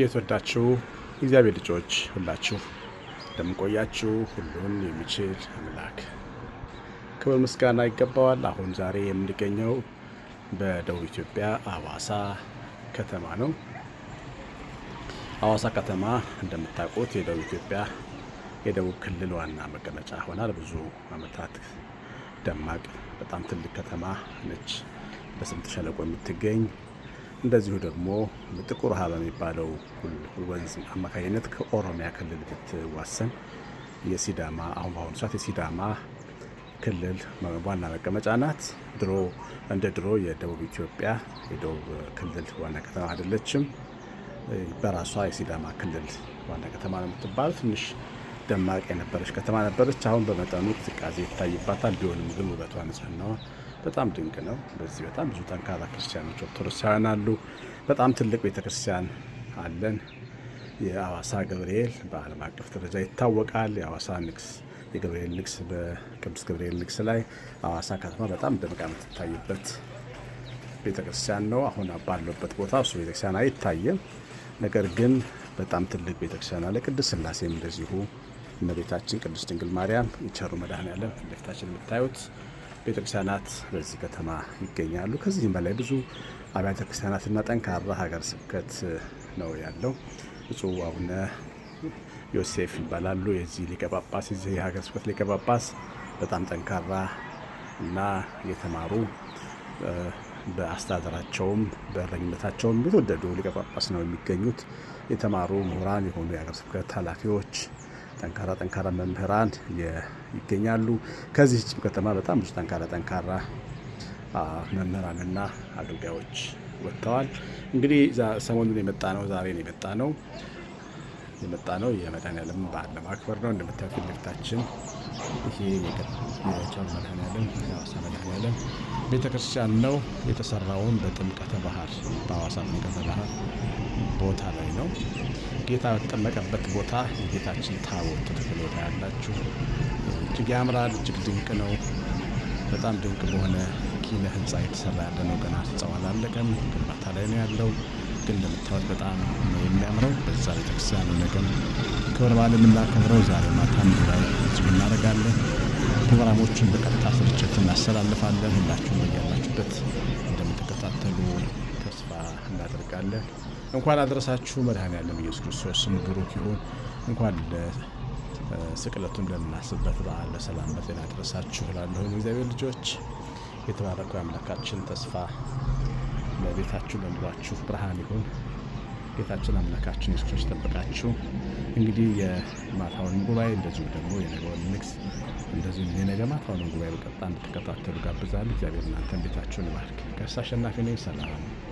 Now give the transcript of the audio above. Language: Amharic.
የተወዳችሁ እግዚአብሔር ልጆች ሁላችሁ እንደምንቆያችሁ ሁሉን የሚችል አምላክ ክብር ምስጋና ይገባዋል። አሁን ዛሬ የምንገኘው በደቡብ ኢትዮጵያ አዋሳ ከተማ ነው። አዋሳ ከተማ እንደምታውቁት የደቡብ ኢትዮጵያ የደቡብ ክልል ዋና መቀመጫ ሆና ለብዙ ዓመታት ደማቅ በጣም ትልቅ ከተማ ነች። በስምጥ ሸለቆ የምትገኝ እንደዚሁ ደግሞ ጥቁር ውሃ በሚባለው ወንዝ አማካኝነት ከኦሮሚያ ክልል ብትዋሰን የሲዳማ አሁን በአሁኑ ሰዓት የሲዳማ ክልል ዋና መቀመጫ ናት። ድሮ እንደ ድሮ የደቡብ ኢትዮጵያ የደቡብ ክልል ዋና ከተማ አይደለችም። በራሷ የሲዳማ ክልል ዋና ከተማ ነው የምትባለው። ትንሽ ደማቅ የነበረች ከተማ ነበረች። አሁን በመጠኑ ቅዝቃዜ ይታይባታል። ቢሆንም ግን ውበቷ፣ ንጽህናዋ በጣም ድንቅ ነው። በዚህ በጣም ብዙ ጠንካራ ክርስቲያኖች ኦርቶዶክሳውያን አሉ። በጣም ትልቅ ቤተክርስቲያን አለን። የአዋሳ ገብርኤል በዓለም አቀፍ ደረጃ ይታወቃል። የአዋሳ ንግስ የገብርኤል ንግስ በቅዱስ ገብርኤል ንግስ ላይ አዋሳ ከተማ በጣም ደምቃ የምትታይበት ቤተክርስቲያን ነው። አሁን ባለበት ቦታ እሱ ቤተክርስቲያን አይታየም። ነገር ግን በጣም ትልቅ ቤተክርስቲያን አለ። ቅዱስ ስላሴም እንደዚሁ እመቤታችን ቅድስት ድንግል ማርያም የቸሩ መድኃኔዓለም ፊት ለፊታችን የምታዩት ቤተክርስቲያናት በዚህ ከተማ ይገኛሉ። ከዚህም በላይ ብዙ አብያተ ክርስቲያናትና ጠንካራ ሀገር ስብከት ነው ያለው። ብፁዕ አቡነ ዮሴፍ ይባላሉ። የዚህ ሊቀ ጳጳስ የዚህ የሀገር ስብከት ሊቀ ጳጳስ በጣም ጠንካራ እና የተማሩ በአስተዳደራቸውም በእረኝነታቸውም የተወደዱ ሊቀ ጳጳስ ነው የሚገኙት። የተማሩ ምሁራን የሆኑ የሀገር ስብከት ኃላፊዎች ጠንካራ ጠንካራ መምህራን ይገኛሉ። ከዚህ ከዚህችም ከተማ በጣም ብዙ ጠንካራ ጠንካራ መምህራንና አገልጋዮች ወጥተዋል። እንግዲህ ሰሞኑን የመጣ ነው፣ ዛሬን የመጣ ነው የመጣ ነው የመድኃኔዓለም በዓል ለማክበር ነው። እንደምታዩት መልእክታችን ይሄ የቻሉ መድኃኔዓለም የሐዋሳ መድኃኔዓለም ቤተክርስቲያን ነው የተሰራውን በጥምቀተ ባህር በሐዋሳ ጥምቀተ ባህር ቦታ ላይ ነው። ጌታ በተጠመቀበት ቦታ የጌታችን ታቦት ተተክሎ ታያላችሁ። እጅግ ያምራል። እጅግ ድንቅ ነው። በጣም ድንቅ በሆነ ኪነ ህንፃ የተሰራ ያለ ነው። ገና ህንፃው አላለቀም፣ ግንባታ ላይ ነው ያለው። ግን እንደምታዩት በጣም ነው የሚያምረው። በዛ ቤተክርስቲያን ነገም ክብረ በዓል የምናከብረው ዛሬ ማታ ላይ ህዝብ እናደርጋለን። ፕሮግራሞችን በቀጥታ ስርጭት እናስተላልፋለን። ሁላችሁም ያላችሁበት እንደምትከታተሉ ተስፋ እናደርጋለን። እንኳን አድረሳችሁ መድኃኔዓለም ኢየሱስ ክርስቶስ ስሙ ብሩክ ይሁን። እንኳን ስቅለቱን ለምናስበት በዓል ለሰላም በጤና አድረሳችሁ እላለሁ። እግዚአብሔር ልጆች የተባረኩ አምላካችን ተስፋ ለቤታችሁ ለኑሯችሁ ብርሃን ይሁን። ጌታችን አምላካችን ኢየሱስ ክርስቶስ ጠበቃችሁ። እንግዲህ የማታውን ጉባኤ እንደዚሁ ደግሞ የነገውን ንግስ እንደዚሁ የነገ ማታውን ጉባኤ በቀጣ እንድትከታተሉ ጋብዛለሁ። እግዚአብሔር እናንተን ቤታችሁን ይባርክ። ቀሲስ አሸናፊ ነኝ። ሰላም